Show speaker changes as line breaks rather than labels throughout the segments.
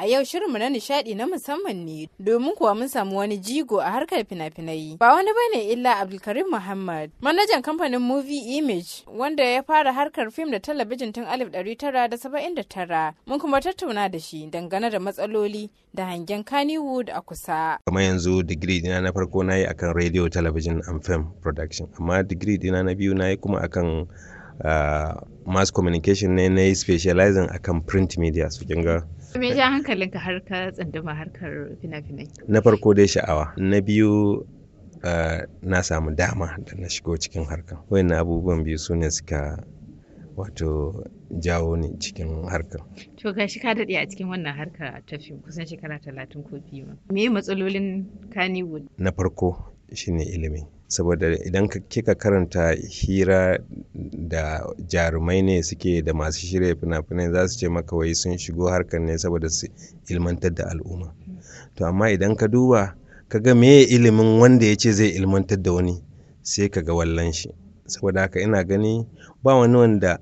A yau shirinmu na nishaɗi na musamman ne domin kuwa mun samu wani jigo a harkar fina-finai. Ba wani bane illa Abdulkarim Muhammad, manajan kamfanin Movie Image wanda ya fara harkar fim da talabijin tun 1979. Mun kuma tattauna da shi dangane da matsaloli da hangen Kannywood a kusa.
Kamar yanzu digiri dina na farko na yi akan radio, talabijin and film production, amma digiri dina na biyu na yi kuma akan Uh, ah, mass communication ne na yi specializing akan print media su so,
Me ja hankalinka har ka tsanduma harkar fina-finai?
Na farko dai sha'awa. Na biyu eh, na samu dama da na shigo cikin harkar. na abubuwan biyu su ne suka wato jawo ni cikin harkar.
To ga shi ka daɗe a cikin wannan harka ta fim kusan shekara talatin ko biyu. Me matsalolin Kannywood?
Na farko shine ilimi. saboda idan kika karanta hira da jarumai ne suke da masu shirya fina-finai za su ce maka wai sun shigo harkar ne saboda su ilmantar da al'umma to amma idan ka duba ka ga meye ilimin wanda ya ce zai ilmantar da wani sai ka ga wallan shi saboda haka ina gani ba wani wanda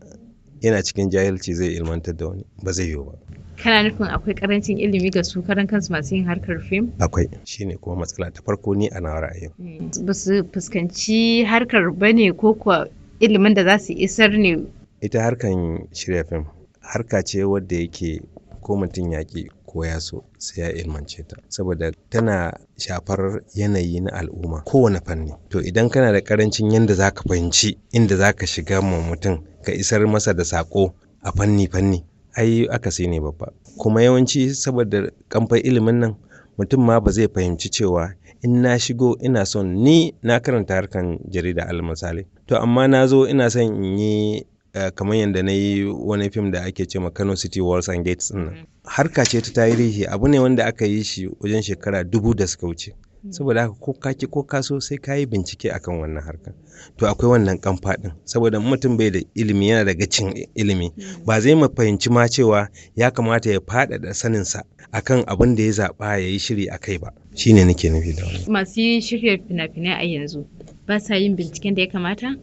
yana cikin jahilci zai ilmantar da wani ba zai yiwu ba
kana nufin akwai karancin ilimi ga su karan kansu masu yin harkar fim
akwai shine kuma matsala ta farko ni a nawa ra'ayin
hmm, ba su fuskanci harkar ba ne ko kuwa ilimin da za su isar ne
ita harkan shirya fim harka ce wadda yake ko mutum yaƙi ko ya so sai ya ilmance ta saboda tana shafar yanayi na al'umma kowane fanni to idan kana da karancin yadda za ka fahimci inda za ka shiga ma mutum ka isar masa da saƙo a fanni fanni ai akasi ne babba kuma yawanci saboda kamfan ilimin nan mutum ma ba zai fahimci cewa in na shigo ina son ni na karanta harkan jarida almasali to amma na zo ina son in yi eh, kamar yadda na yi wani fim da ake ce Kano City Walls and Gates nan. Mm. Harka ce ta tarihi abu ne wanda aka yi shi wajen shekara dubu da suka wuce. Mm. saboda haka ko ka ki ko ka so sai ka yi bincike akan wannan harkar to akwai wannan kamfa din saboda mutum bai da ilimi yana daga cin ilimi mm. ba zai ma fahimci ma cewa ya kamata ya faɗaɗa saninsa akan abin da ya zaba ya yi shiri a kai ba shine nake nufi da
wannan masu shirya fina-finai a yanzu ba sa yin binciken da ya kamata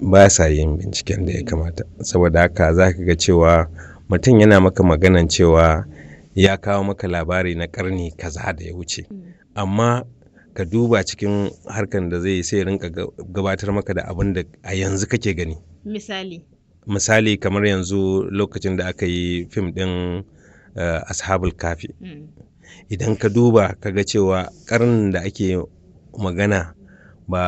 ba sa yin binciken da ya kamata saboda haka za ka ga cewa mutum yana maka maganan cewa ya kawo maka labari na karni kaza da ya wuce mm. amma ka duba cikin harkan da zai sai rinka gabatar maka da abin da a yanzu kake gani misali misali kamar yanzu lokacin da aka yi fim ɗin uh, ashabul kafi mm. idan ka duba ka ga cewa karnin da ake magana ba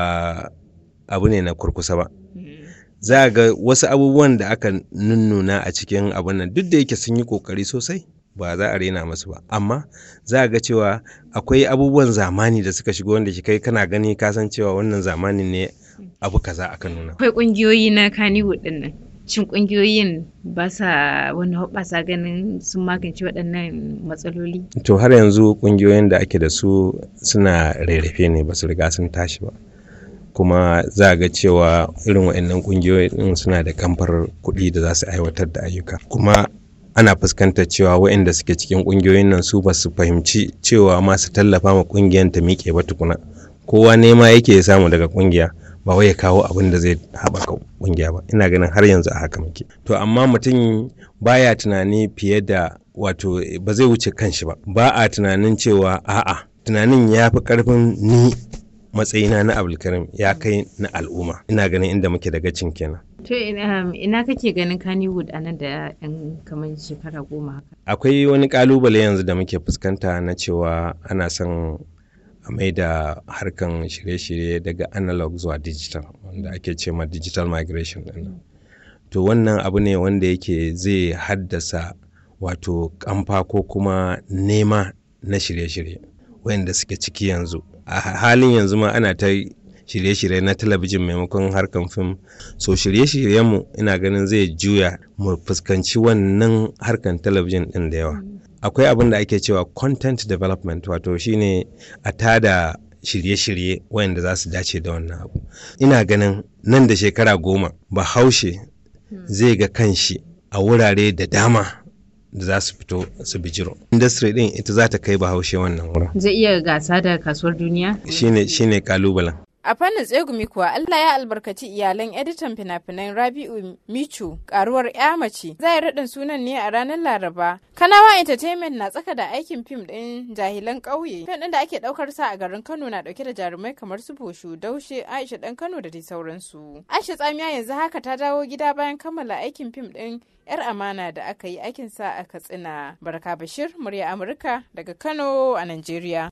abu ne na kurkusa ba mm. za a ga wasu abubuwan da aka nunnuna a cikin abin nan duk da yake sun yi kokari sosai ba za a raina masu ba amma za a ga cewa akwai abubuwan zamani da suka shigo wanda kai kana gani kasan cewa wannan zamanin ne abu kaza aka nuna
akwai kungiyoyi na kani nan cin kungiyoyin ba sa wani hoɓasa ganin sun magance waɗannan matsaloli
to har yanzu kungiyoyin da ake da su suna rarrafe ne ba su riga sun tashi ba kuma za a ga cewa irin waɗannan kungiyoyin suna da kamfar kuɗi da za su aiwatar da ayyuka kuma ana fuskantar cewa waɗanda suke cikin ƙungiyoyin nan su ba su fahimci cewa masu tallafa ma ƙungiyar ta miƙe ba tukuna kowa nema yake samu daga ƙungiya ba wai ya kawo abin da zai haɓaka ƙungiya ba ina ganin har yanzu a haka muke to amma mutum baya tunani fiye da wato eh, ba zai wuce shi ba ba a tunanin cewa a'a tunanin ya fi ƙarfin ni matsayina na abulkarim ya kai na al'umma ina ganin inda muke daga cin kenan
To ina kake ganin Kannywood a nan da 'yan kamar shekara goma haka?
Akwai wani ƙalubale yanzu da muke fuskanta na cewa ana son a mai da harkan shirye-shirye daga analog zuwa digital wanda ake ce ma digital migration din. To wannan abu ne wanda yake zai haddasa wato kamfa ko kuma nema na shirye-shirye wayanda suke ciki yanzu. A halin yanzu ma ana ta shirye-shirye na talabijin maimakon harkan fim so shirye-shiryenmu ina ganin zai juya mu fuskanci wannan harkan talabijin ɗin da yawa akwai abin da ake cewa content development wato shine a tada shirye-shirye wayanda za su dace da wannan abu ina ganin nan da shekara goma bahaushe zai ga kanshi a wurare da dama da za su fito su bijiro. Industry din ita za ta kai bahaushe wannan wurin.
Zai iya gasa da kasuwar
duniya?
Shine shine kalubalen.
A fannin tsegumi kuwa Allah ya albarkaci iyalan editan fina-finan Rabi'u Michu karuwar ya mace za raɗin sunan ne a ranar Laraba. Kanawa Entertainment na tsaka da aikin fim ɗin jahilan ƙauye. Fim ɗin da ake ɗaukar sa a garin Kano na ɗauke da jarumai kamar su Boshu, Daushe, Aisha ɗan Kano da dai sauransu. Aisha Tsamiya yanzu haka ta dawo gida bayan kammala aikin fim ɗin 'yar amana da aka yi aikin sa a Katsina. Barka Bashir, murya Amurka daga Kano a nigeria.